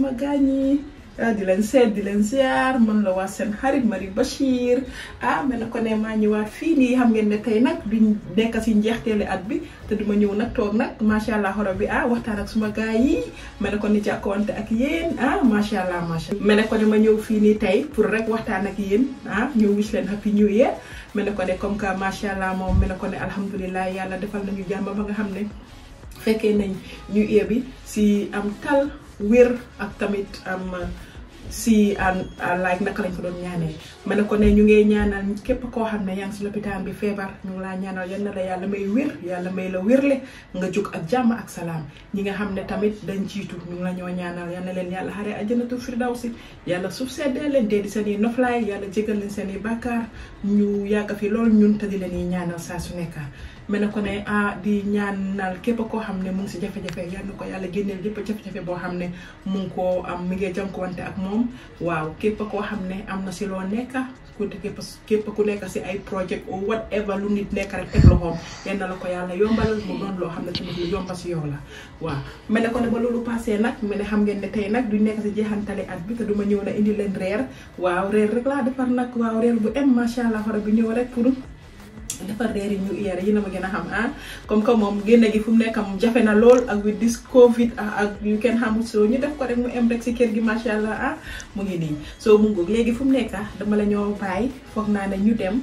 ma gaañ eh, di len sét di len ziar man la wa sen xarit mari bashir ah mel na ko ne ñu wa fi ni xam ngeen ne tay nak bi nekk ci at bi te duma nak tok nak ma sha allah xoro ah waxtaan ak suma gaay yi mel ko ni akonté ak ah sha allah ma sha mel ko ne ma ñëw pour rek waxtaan ak yeen ah ñew wish len happy new year mel ko ne comme ma sha allah mom mel ko ne alhamdulilah yalla defal nañu jamm ba nga nañ ñu bi si am tal wér ak tamit am uh, si uh, laaj naka lañ ko doon ñaanee ma ne ko ne ñu ngi ñaanal képp koo xam ne yaa ngi si lopitaan bi feebar ñu ngi laa ñaanal yal na la yàlla may wér yàlla may la nga jóg ak jàmm ak salaam ñi nga xam ne tamit dañ jiitu ñu la ñoo ñaanal yal na leen yàlla xare àjjanatu firdawsi yàlla suuf seddee leen dee di seen i noflaay yàlla jégal leen seen i bàkkaar ñu yàgg fi loolu ñun te di leen ñaanal saa su nekk mene ko ne a ah, di ñaanal képp ko xam ne mu ngi si jafe-jafe yal ko yàlla génneel lépp jafe-jafe boo xam ne mu ngi am mi ngi jànkuwante ak moom waaw képp ko xam ne am na si loo nekk ku képp képp ku nekk si ay project ou whatever lu nit nekk rek teg loxoom yenn la ko yàlla yombalal mu doon loo xam ne tamit lu yomba si yow la waaw mene ne ko ne ba loolu passé nag mene ne xam ngeen ne tey nag du nekk si jeexantale at bi te duma ñëw na indi leen reer waaw reer rek laa defar nag waaw reer bu em macha allah bi ñëw rek pour defar reer yi ñu yeer yi na ma gën a xam ah comme que moom génne gi fu mu nekk moom jafe na lool ak with this covid ah, ak yu kenn xamul soo ñu def ko rek mu em si kër gi macha allah ah mu nii soo mu ngoog léegi fu mu nekk ah, dama la ñoo bàyyi foog naa ne ñu dem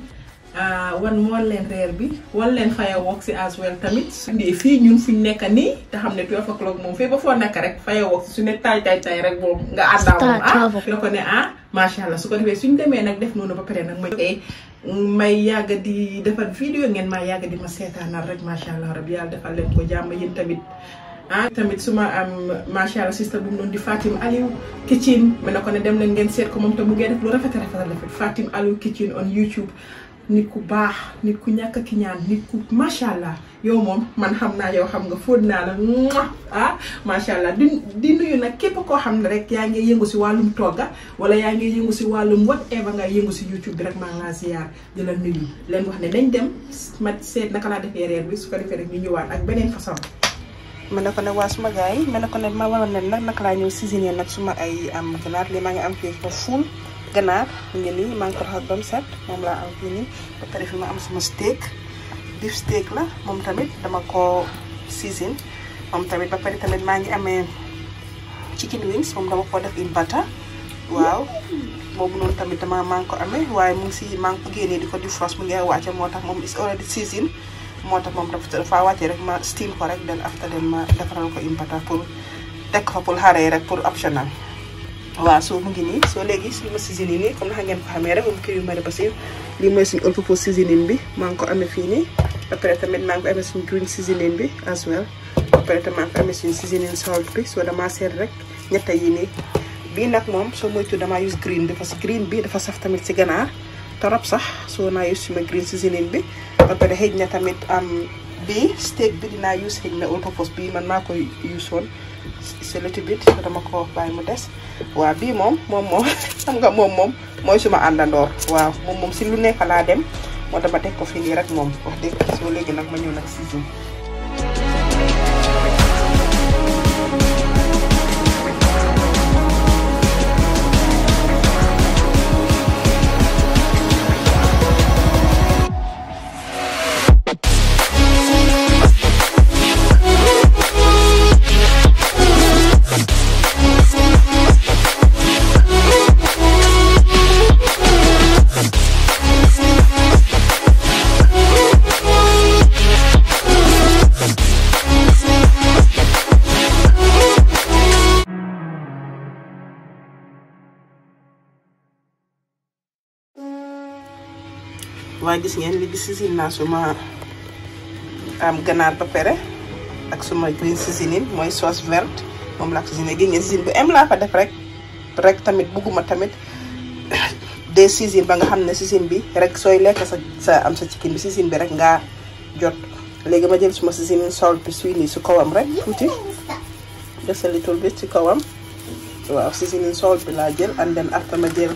ah, wan mool leen reer bi wan leen fireworks si as well tamit suñu fii ñun fuñ nekk nii te xam ne twelve o'clock moom fii ba foo nekk rek fireworks su ne taay taay taay rek boobu nga àndaaw moom ah la ko ne ah macha allah su ko defee ñu demee nag def noonu ba pare nag ma may yàgg di defar vidéo ngeen maa yàgg di ma seetaanal rek macha allah rabi yàlla defal leen ko jàmm yéen tamit. ah tamit su ma am macha allah bu mu doon di Fatim Aliou Kitchen ma ne ko ne dem leen ngeen seet ko moom te mu ngeen def lu rafet a rafet Fatim Aliou Kitchen on YouTube. nit ku baax nit ku ñàkk ki ñaan nit ku macha allah yow moom man xam naa yow xam nga fóot naa la ah macha allah nag képp koo xam ne rek yaa ngi yëngu si wàllum togga wala yaa ngi yëngu si wàllum whatever nga yëngu si YouTube bi rek maa ngi la leen wax ne dañ dem ma seet naka laa defee reer bi su ko ñu ñëwaat ak beneen façon. ma ne ko ne waa suma gars yi ma ne ko ne ma waroon ne nag naka laa ñëw cuisiner nag suma ay am ginaar li maa ngi am fii ko fuul. ganar ngeen ni maa ko raxas bam set mom la am fii nii ba pare fi ma am sama steak beef steak la mom tamit dama ko season mom tamit ba pare tamit maa ngi chicken wings mom dama ko def in butter wow mom non tamit dama mang ko amé waye mu ngi si maa ngi ko di defrost mu ngi wàcce motax mom is already season motax mom dafa dafa wàcce rek ma steam ko rek then after then ma defaral ko in butter pour tek ko pour haré rek pour optional waaw suuf mu ngi nii soo léegi suñu ma seasoning nii comme naxa ngeen ko xamee rek moom kii yu mari parce que lii mooy suñu all purpose seasoning bi maa ngi ko amee fii nii après tamit maa ngi amee suñu green seasoning bi as well après tamit maa ngi ko amee suñu seasoning salt bi soo damaa seet rek ñetta yi nii bii nag moom soo moytu damaa use green bi parce que green bi dafa saf tamit si ganaar torop sax soo naa use suma green seasoning bi après um, xëj na tamit am bii steak bi dinaa use xëj na all purpose bii man maa koy use woon c'est little bit dama ko bàyyi mu des waaw bii moom moom moom xam nga moom moom mooy suma àndandoor waaw moom moom si lu nekk laa dem moo dama teg ko fii nii moom wax dëgg soo léegi nag ma ñëw nag si waaye gis ngeen ya, gis ci na suma am ganar ba pere ak suma green seasoning moy sauce verte mom la ko gi ngeen seasoning bu em la fa def rek rek tamit buguma tamit des seasoning ba nga xamne seasoning bi rek soy lek sa sa am sa chicken bi seasoning bi rek nga jot legi ma jël suma seasoning salt bi suy nii kawam rek just a little bit ci kawam waaw seasoning salt bi la jël and then after ma jël.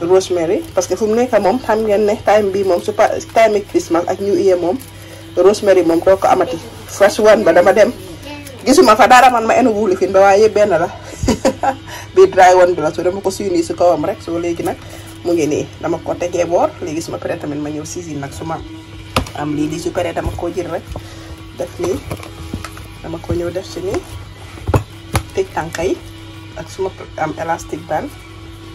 Rosemary parce que fum nek mom moom xam ngeen ne time bi mom su time Christmas ak New Year mom, Rosemary mom doo ko amati fresh one ba dama dem gisuma fa dara man ma enu wuli fin ba waye ben la bi dry one bi la so dama ko suyni su kawam rek so léegi nak mu ngi ni dama ko tege bor léegi suma pare tamen ma ñew season nak suma am li di su pare dama ko jir rek def ni dama ko ñew def ci ni tek tankay ak suma am elastic band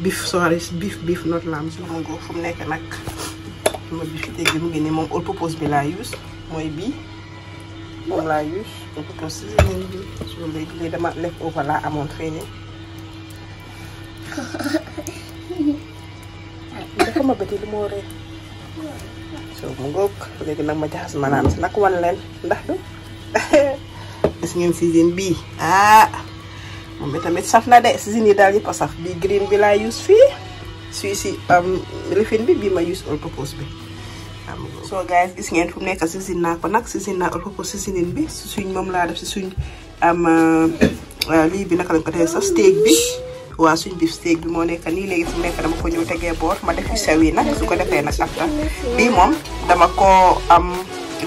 beef sorry beef beef not lamb longo fu mu nekk nag ma beef léegi mu ngi nii moom all purpose bi laa use mooy bii moom laa use all purpose seasoning bi soo léegi lii dama lekk over laa amoon fii nii dafa ma bëti lu moo ree soo mu ngoog léegi nag ma jaxas ma naan si nag wan leen ndax du gis ngeen season bii ah moom tamit saf na de si yi daal yëpp a saf bii green bi laa use fii suy si lifin bi bii ma use all purpose bi so guys gis ngeen fu mu nekk season naa ko nag season naa all purpose seasoning bi si suñ moom laa si suñ am euh, euh, lii bi naka lañ ko defee sax suñ beef steak bi moo nekk nii léegi fu mu nekk dama ko ñëw tegee boor ma def yu sew yi nag su ko defee nag after bii moom dama koo am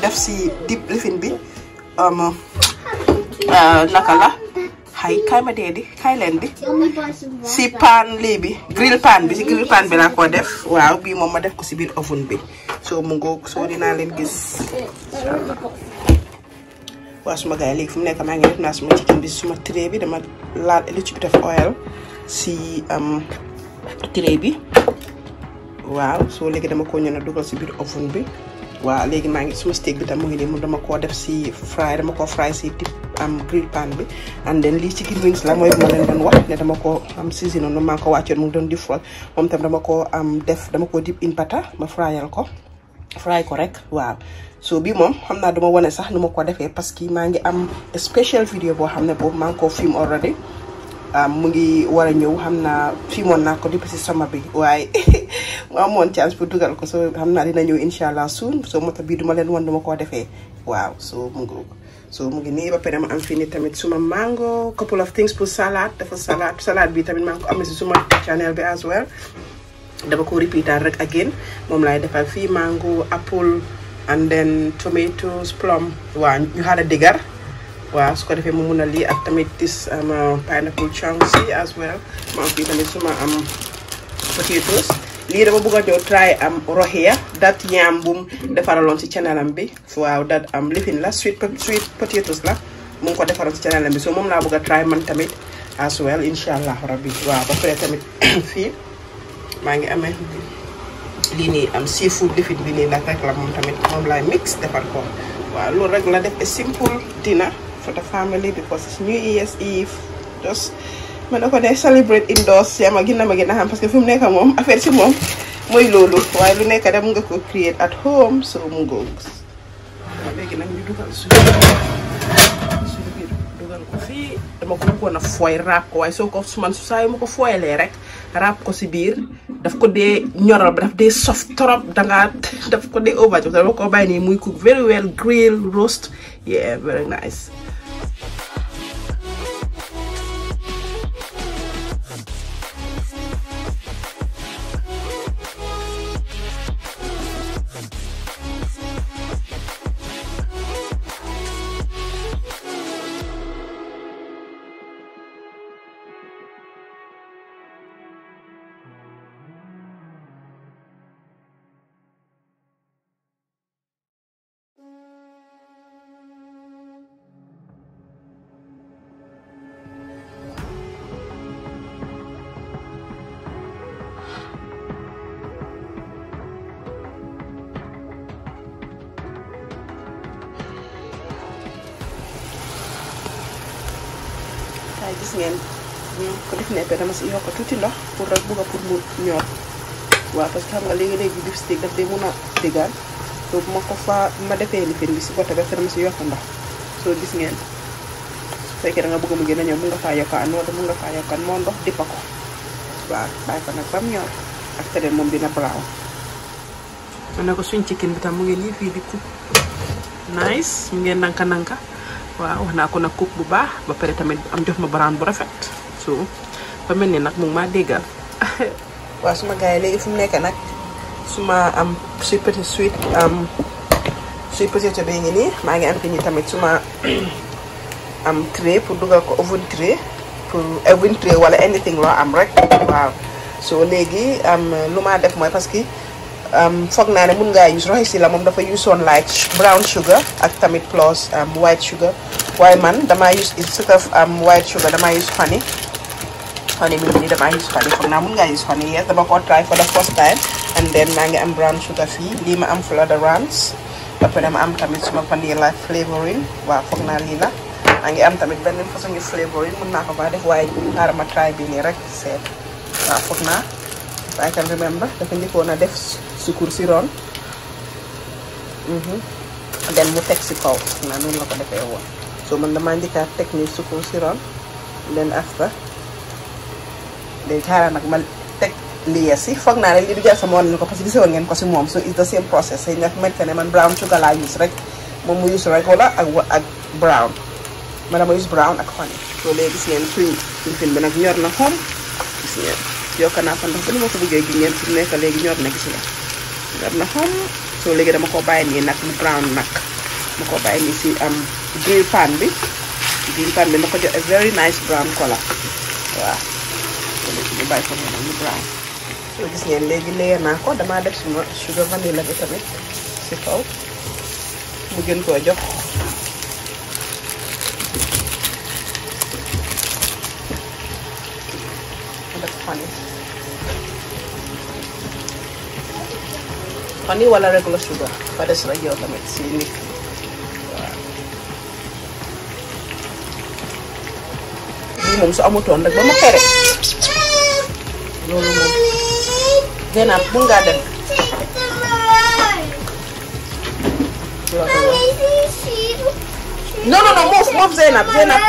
def si dip lifin bi euh, naka la hay kay ma dee kay leen di si pan lii bi grill pan bi si grill pan bi laa ko def waaw bii moom ma def ko si biir oven bi soo mu ngoog soo leen gis inshallah waaw suma gars fu mu nekk maa ngi def naa suma suma tray bi dama laal lu ci bi def oil si tray bi waaw soo léegi dama ko ñëw a dugal si biir oven bi waaw léegi maa ngi suma steak bi tam mu ngi nii mu dama koo def si fry dama koo fry si dip am grill pan bi and lii chicken wings la mooy bi ma ne dama ko am seasoning noonu maa ngi ko wàccoon mu ngi doon deep fry moom tam dama ko am def dama ko dip in butter ma fryal ko fry ko rek waaw so bii moom xam naa duma wane sax nu ma ko defee parce que maa ngi am special video boo xam ne boobu maa ngi ko film already mu ngi war ñëw xam naa filmoon naa ko depuis si sama bi waaye mu moon chance pour dugal ko so xam naa dina ñëw incha allah soon so moo tax bii duma leen wan ma ko defee waaw so so mu ngi nii ba pare ma am fii tamit suma mango couple of things pour salad dafa salade salade bi tamit mango, ngi ko amee si suma channel bi as well dama ko repeatal rek again moom laay defal fii mango apple and then tomatoes plum waaw ñu had a waaw su ko defee mu mun a lii ak tamit this um, uh, pineapple chunks as well ma am fii tamit suma am um, potatoes li dama bëgg a try am rohia, ya, dat ñaam bu defaralon ci channelam bi waaw dat am lifin la sweet sweet potatoes la mu ngi ko defaroon ci channelam bi so mom la bëgg try man tamit as well inshallah rabbi waaw ba fere tamit fi ma ngi amé li ni am seafood lifin bi ni nak rek la mom tamit mom la mix defar ko waaw lool rek la def simple dinner for the family because new year's eve just ma ne ko dee celebrate indoors yaa ma gën a ma gën a xam parce que fi mu nekk moom affaire si moom mooy loolu waaye lu nekk dem nga ko create at home so mu ngoog fii dama ko fooy raab ko waaye soo ko man su ma ko fooyalee rek raab ko si biir daf ko dee ñoral daf dee soft trop dangaa daf ko dee over dama ko bàyyi nii muy cook very well grill roast yeah very nice ngeen ñu ko def neppe dama si yokk tuti ndox pour rek bugg pour mu ñor wa parce que xam nga léegi def steak daf dee mëna a so bu ma ko fa ma defee lifin fi ci bota ba dama si yokk ndox so gis ngeen fekkee da nga bëgg mu gëna ñor mu nga fa faa an wala mu nga faa yokkaan mo ndox dippa ko waaw bàyyi ko nag ba ñor ak tere mom dina braw ma ne ko suñ chicken bi tam mu ngi li fi di cook kan nice mu ngi nanka nanka waaw wax naa ko nag cook bu baax ba pare tamit am jox ma baraan bu rafet so ba mel ni nag mu ngi maa déggal waaw suma gars yi léegi fu mu nekk nag suma am sweet petit sweet am sweet petit bi ngi nii maa ngi am fi tamit suma am tray pour dugal ko oven tray pour oven tray wala anything loo am rek waaw so léegi am lu maa def mooy parce que um, foog na ne mën nga use roxi la dafa use on like brown sugar ak tamit plus um, white sugar Why man dama use instead of um, white sugar dama use honey honey mi ni dama use honey Fog na mën nga use honey yes dama ko try for the first time and then maa ngi am brown sugar fii lii ma am fleur de rance ba dama ma am tamit suma vanilla flavoring waaw fog na lii la maa ngi am tamit benn façon flavoring mën naa ko ba def waaye xaaral ma try bi nii rek seet waaw foog naa I can remember dafa njëkkoon a def sukur mhm. si ron dan mu tek si kaw na la ko defé won so man dama ka tek ni sukur si ron den after day nak man ma teg lii si foog naa ne lii du jar sama ko parce que ngeen ko si mom so it's the same process say nak xamante tane man brown sugar la use rek mom mu use wala ak ak brown man dama use brown ak honey so léegi gis ngeen suñ suñ ben ak ñor na xom gis ngeen yo kana fa ndox ba ni ko gi ngeen fi nekk ñor na gis ngeen def na xam soo léegi dama ko bàyyi nii nag mu brown nag mu ko bàyyi nii si am grill bi grill pan bi ma ko jox a very nice brown color waaw soo léegi ñu bàyyi ko mu brown soo gis ngeen léegi léegi naa ko damaa def suma sugar vanilla bi tamit si kaw mu gën koo jox Ini wala regular sugar pada selagi ak yow tamit si ini lii moom su amutoon rek ba genap, xere loolu moom no no, no move, move non non yo moof Zeynab Zeynab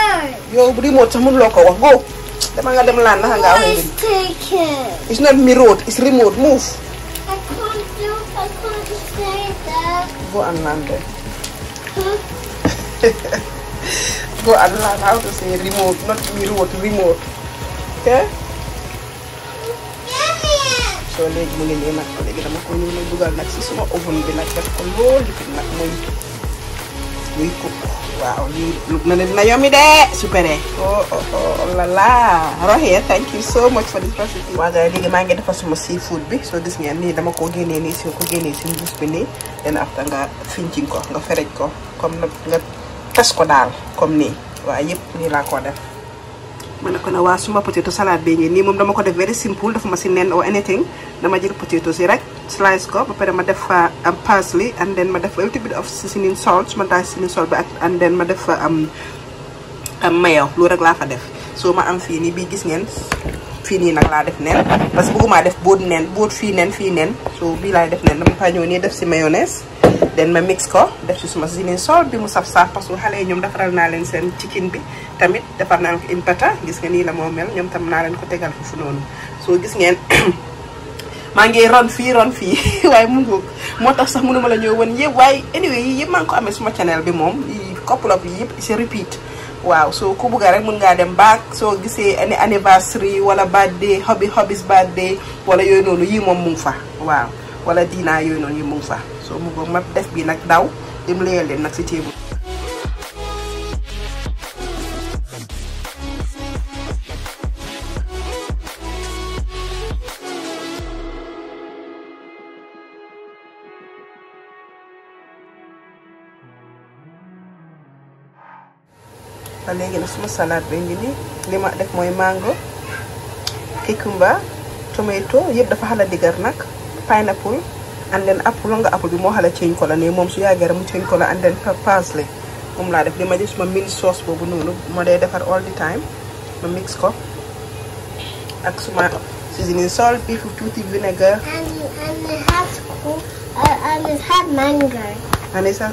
yow wax go dama nga dem laan naka ngaa it's not mirror it's remote move Go and land there. Go and learn how to say remote, not remote, remote. Okay? So leg mu ne nak nag léegi dama ko ñëw nag dugal nag suma oven bi nag def ko loolu fi nag muy muy ko waaw lii na ne dina yombi de supéré. oh oh oh, oh la la Rohit thank you so much for this recipe. waaw gars maa ngi defar suma seafood bi soo gis ngeen nii dama ko génnee nii soo ko génnee si mbuus bi nii dana afta nga fincin ko nga ferej ko comme nag nga tas ko daal comme nii waaw yëpp nii laa ko def. ma ne ko ne waa suma potato salade bi ngi nii moom dama ko def very simple dafa ma si nen o anything dama jël potato si rek. slice ko ba pare ma def fa am parsley and then ma def fa a little bit of seasoning salt su ma taal seasoning salt bi ak and ma def fa am am mayo loolu rek laa fa def so ma am fii nii bii gis ngeen fii nii nag laa def nen parce que bëgguma def boot nen boot fii nen fii nen so bii laay def nen dama faa nii def si mayonnaise den ma mix ko def ci suma seasoning sol bi mu saf saaf parce que xale yi ñoom defaral naa leen seen chicken bi tamit defar naa ko in pata gis nga nii la moom mel ñoom tam naa leen ko tegal foofu noonu soo gis ngeen maa ngi ron fii ron fii waaye mu ngoog moo tax sax mënuma la ñëw woon yëpp waaye anyway yi yëpp maa ngi ko amee suma channel moom couple bi yëpp c'est repeat waaw soo ku bugga rek mën ngaa dem baak soo gisee ani anniversary wala birthday hobby hobbies birthday wala yooyu noonu yii moom mu ngi fa waaw wala diinaa yooyu noonu yi mu ngi fa soo mu ngoog ma def bi nag daw dem layal leen nag si ceebu ba léegi nag suma salade bi ngi mango cucumber tomato yep dafa xala digar nag pineapple and then apple nga apple bi moo xala ceeñ ko la ne moom su mu ko la and then parsley Mom lah def lima ma def suma sauce boobu noonu ma dee defar all the time ma mix ko ak suma seasoning salt bi fu tuuti vinegar and it hat mango and sa,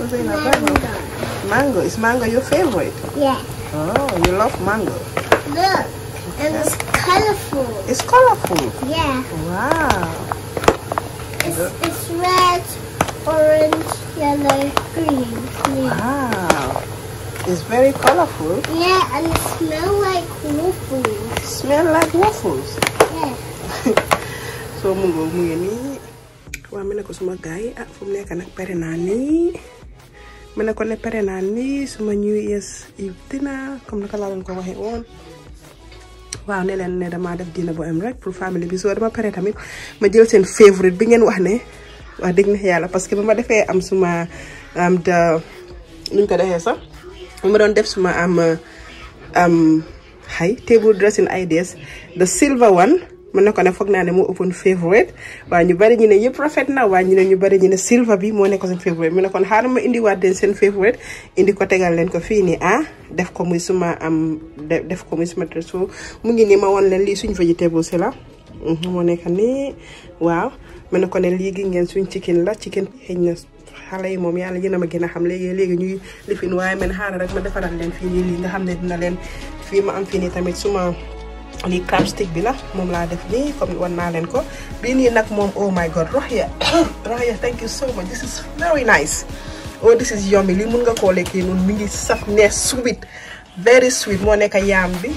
has Mango. Is mango your favorite? Yeah. Oh, you love mango. Look, and it's colorful. It's colorful? Yeah. Wow. It's, it's red, orange, yellow, green, green. Wow. It's very colorful. Yeah, and it smells like waffles. Smell like waffles? Yeah. so, I'm going to go to my suma I'm going to go to my pare ma ne ko ne pare naa ni suma New Year's Eve dina comme naka laa doon ko waxee woon waaw ne leen ne damaa def dina bu am rek pour famille bi soo dama pare tamit ma jël seen favorite bi ngeen wax ne wax dëgg na yàlla parce que ba ma defee am suma am da nuñ ko defee sax ba ma doon def suma am am xay table dressing ideas the silver one mën na ko ne foog naa ne moo ëppoon favorite waaw ñu bari ñu ne yëpp rafet na waaye ñu ne ñu bari ñu ne silver bi moo nekkoon seen favorite mu ne kon ma indiwaat leen seen favorite indi ko tegal leen ko fii nii ah def ko muy suma am def ko muy suma mu ngi nii ma woon leen lii suñ vegetable si la mhm, moo nekk nii waaw mën na ko ne lii gi ngeen suñ chicken la chicken xëy na xale yi moom yàlla yéen a ma gën a xam léegi léegi ñuy lifin waaye man xaaral rek ma defaral leen fii nii lii xam ne dina leen fii ma am fii nii tamit suma lii crab stick bi la moom laa def nii comme wan naa leen ko bii nii nag moom o oh my god Rohia Rohia thank you so much this is very nice oh this is yummy lii mun nga koo lekkee noonu mu ngi saf ne sweet very sweet moo nekk yaam bi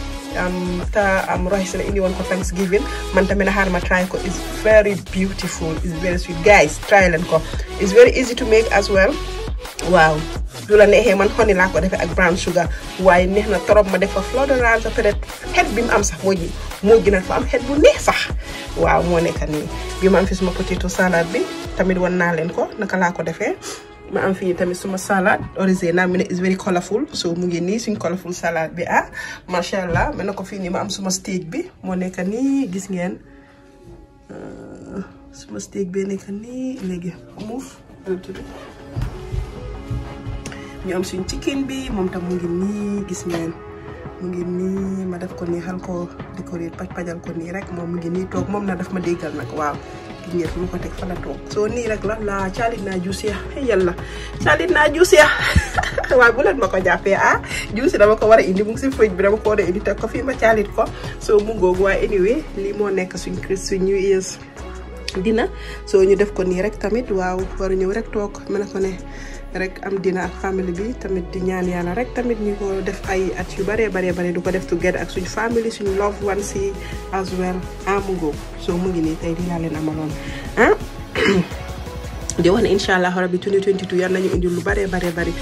te am Rohia la indi woon ko Thanksgiving man tamit na xaar ma try ko is very beautiful is very sweet guys try leen ko is very easy to make as well du la neexee man honey laa ko defee ak brown sugar waaye neex na trop ma def fa fleur de orange ba xet bi mu am sax moo ji moo a fa am xet waaw moo nekk nii bi ma am fi suma bi tamit wan naa leen ko naka laa ko defee. ma am fii tamit suma salade original mi ne is very colorful so mu nii suñ colorful salade bi ah macha allah ma ne ko fii nii ma am suma steak bi moo nekk nii gis ngeen ah, suma steak bi nekk nii léegi muuf ñu am suñ chicken bi moom tam mu ngi nii gis ngeen mu ngi nii ma def ko nii xal ko décorer paj pajal ko nii rek moom mu ngi nii toog moom na def ma déggal nag waaw gis ngeen fu ma ko teg fa la toog soo nii rek la la caalit naa juus ya yàlla caalit naa juus ya waaye bu leen ma ko jàppee ah juus dama ko war a indi mu si fëj bi dama ko war a indi teg ko fii ma caalit ko soo mu ngoogu waaye anyway lii moo nekk suñ crisp suñ new years dina soo ñu def ko nii rek tamit waaw war a ñëw rek toog mën a ko ne rek am dina ak famille bi tamit di ñaan yàlla rek tamit ñu ko def ay at yu baree baree bare du ko def together ak suñu famille suñu love one si as well amugo ah, soo mu ngi nii tey di laa leen amaloon ah di wax ne incha allah rabi 2022 yar nañu indil lu baree baree bari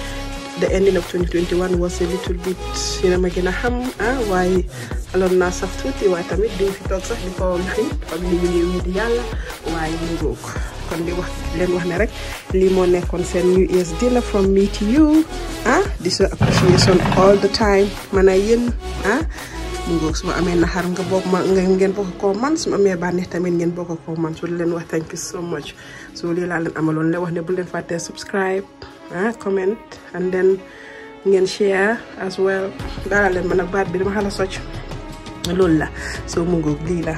the ending of 2021 was a little bit you know gën a xam ah of aloon naa saf tuuti waaye tamit duñ di ko naxit ak li ñu ñëw di yàlla waaye mu ngoog kon di wax wax ne rek new year's dinner from me to you ah di appreciation all the time Mana a ah ngoog suma na har nga bok ma nga ngeen bok ko man suma amé bané tamen ngeen bok ko man so len wax thank you so much so li la len amalon le wax ne bu leen fàttee subscribe ah comment and then ngeen share as well dara leen ma nag baat bi dama xala socc loolu la soo mu ngoog lii la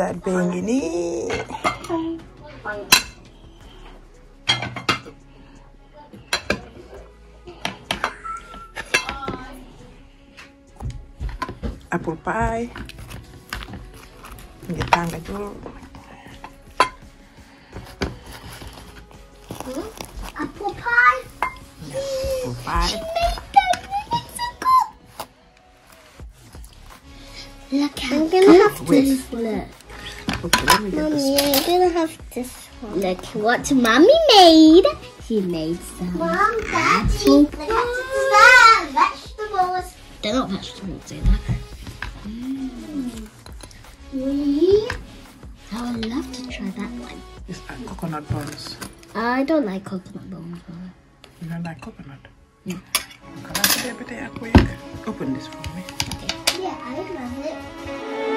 that banging it. Apple pie. Get dulu. Apple pie. Look, I'm gonna have to flip. Okay, Mommy, I'm gonna have this one. Look what Mommy made. She made some Mom, Daddy, look at Vegetables. They're not vegetables, they're not. Mm. Oh, I would love to try that one. It's like coconut buns. I don't like coconut buns. You don't like coconut? Yeah. Can I put quick? Open this for me. Okay. Yeah, I love it.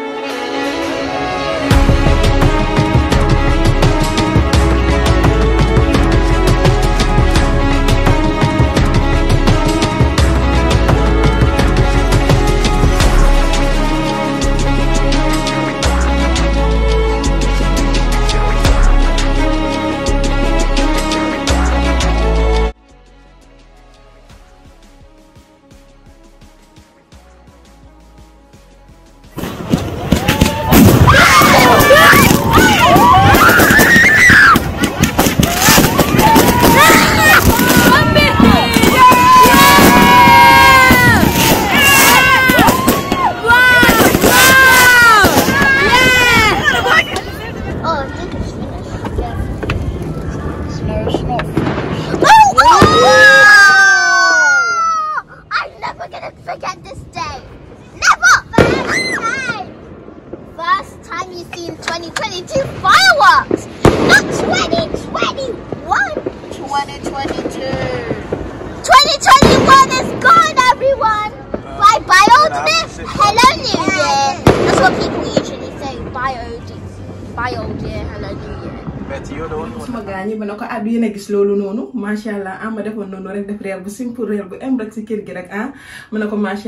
macha allah ah ma defoon noonu rek def reer bu simple reer bu em rek si kër gi rek ah ma ne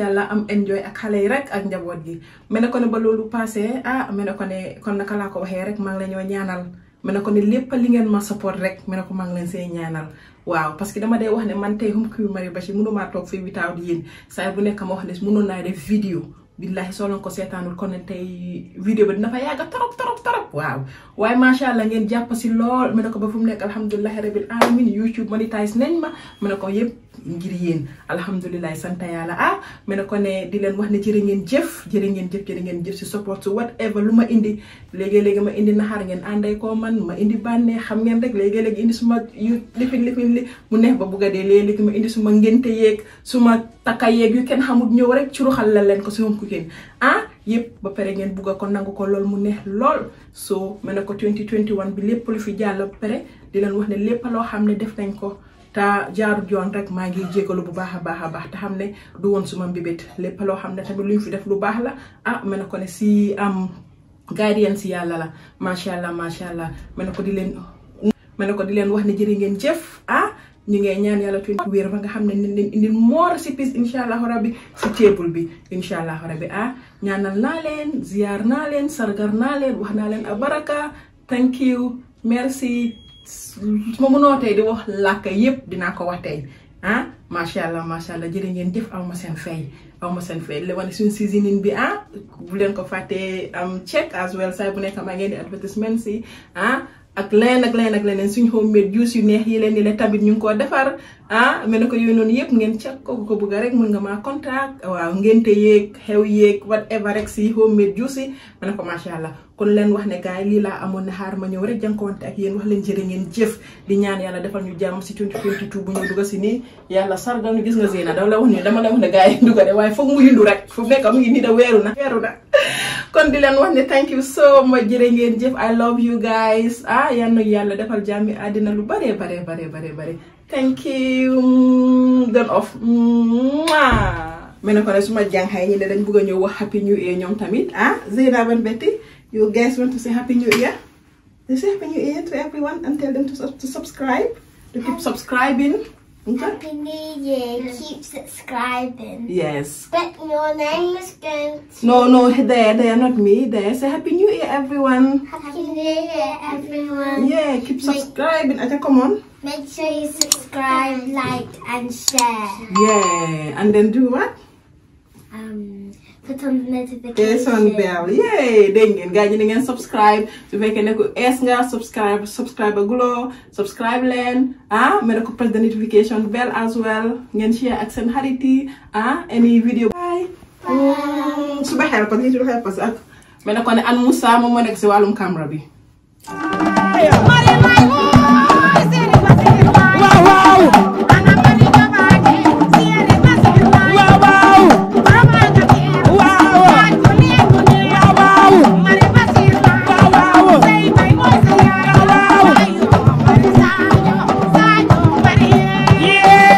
allah am enjoy ak xale yi rek ak njaboot gi ma ne ko ne ba loolu passé ah ma ne ko ne kon naka laa ko waxee rek maa ngi la ñoo ñaanal ma ne ko ne lépp li ngeen ma support rek ma ne ko maa ngi leen see ñaanal waaw parce que dama dee wax ne man tey hum kii Marie Bachir mënumaa toog fii without yéen saa bu nekk ma wax ne mënoon naa def vidéo billahi soo leen ko seetaanul kon tey vidéo bi dina fa yàgg torop torop torop waaw waaye macha allah ngeen jàpp si lool mu ne ko ba fu mu nekk alhamdulilahi rabil alamin youtube monétise nañ ma mu ne ko yëpp ngir yéen alhamdulilahi sant yàlla ah mu ne ko ne di leen wax ne jërë ngeen jëf jërë ngeen jëf jërë ngeen jëf si support su whatever lu ma indi léegi-léegi ma indi naxaar ngeen ànday koo man ma indi bànnee xam ngeen rek léegi-léegi indi suma yu lifin lifin li mu neex ba bugga dee léegi-léegi ma indi suma ngénte yeeg suma taka yeeg yu ken xamut ñew rek ci ruxal la len ko suñu ku ken ah yep ba pare ngeen bugga ko nang ko lol mu neex lol so ma ko 2021 bi lepp lu fi jàll pare di len wax ne lepp lo xamne def nañ ko ta jaaru joon rek ma ngi jéggalu bu baaxa a baax ta xamne du won suma mbibét lepp lo xamne luñ fi def lu baax la ah ma ko ne si am si yalla la sha allah sha allah ma ko di len mané ko di len wax ne jëri ngeen jëf ah ñi ngay ñaan yalla ci wër ba nga xam ñu leen indi moo ci pis inshallah rabbi ci table bi inshallah rabbi ah ñaanal naa leen ziar nalen, leen sargar na leen wax na leen abaraka thank you merci mo mënoo tey di wax làkk yépp dina ko wax tey ah macha allah macha allah jërë ngeen def awma ma seen fay awma seen fay le seasoning bi ah bu leen ko faté am check as well saya bu nekk ma ngeen di advertisement si ah ak leen ak leen ak leneen suñu homemade juice yu neex yi leen yi la tamit ñu ngi koo defar ah mel ne ko yooyu noonu yëpp ngeen ca ko ko bëgg rek mën nga maa contact waaw ngénte yeeg xew yeeg whatever rek si homemade juice yi ma ne ko macha allah kon leen wax ne gars yi lii laa amoon ne xaar ma ñëw rek jànkuwante ak yéen wax leen jërë ngeen jëf di ñaan yàlla defal ñu jàmm si 2022 bu ñëw duga si nii yàlla sargal ñu gis nga Zeyna dama la wax ne dama la wax ne gars yi duga de waaye foog da kon di wax thank you so much jërë ngeen jëf I love you guys ah yal na yàlla defal jàmmi àddina lu bare bare bare bare bare thank you don off ma ne ko ne suma jànxay ñi dañ bëgg ñëw happy new year ñoom tamit ah Zeyda and Betty you guys want to say happy new year they say happy new year to everyone and tell them to, to subscribe to keep subscribing Mm-hmm. Happy New Year. Keep subscribing. Yes. But your name is going to... No, no, they are not me. They Say Happy New Year, everyone. Happy New Year, everyone. Yeah, keep subscribing. Aja, come on. Make sure you subscribe, like, and share. Yeah. And then do what? Um... tot on de notification. Eh, Deze bell. Yay! dengan Ga dengan subscribe. Toen ben ik aku es eerst subscribe. Subscribe gulo, Subscribe len. Ah, maar press the notification bell as well. Ngen share accent hariti, Ah, any video. Bye. Bye. Hmm, Zo help helpen. Niet help helpen. Ah, maar dan kan ik aan Musa, maar ik zie wel Maria, Maria.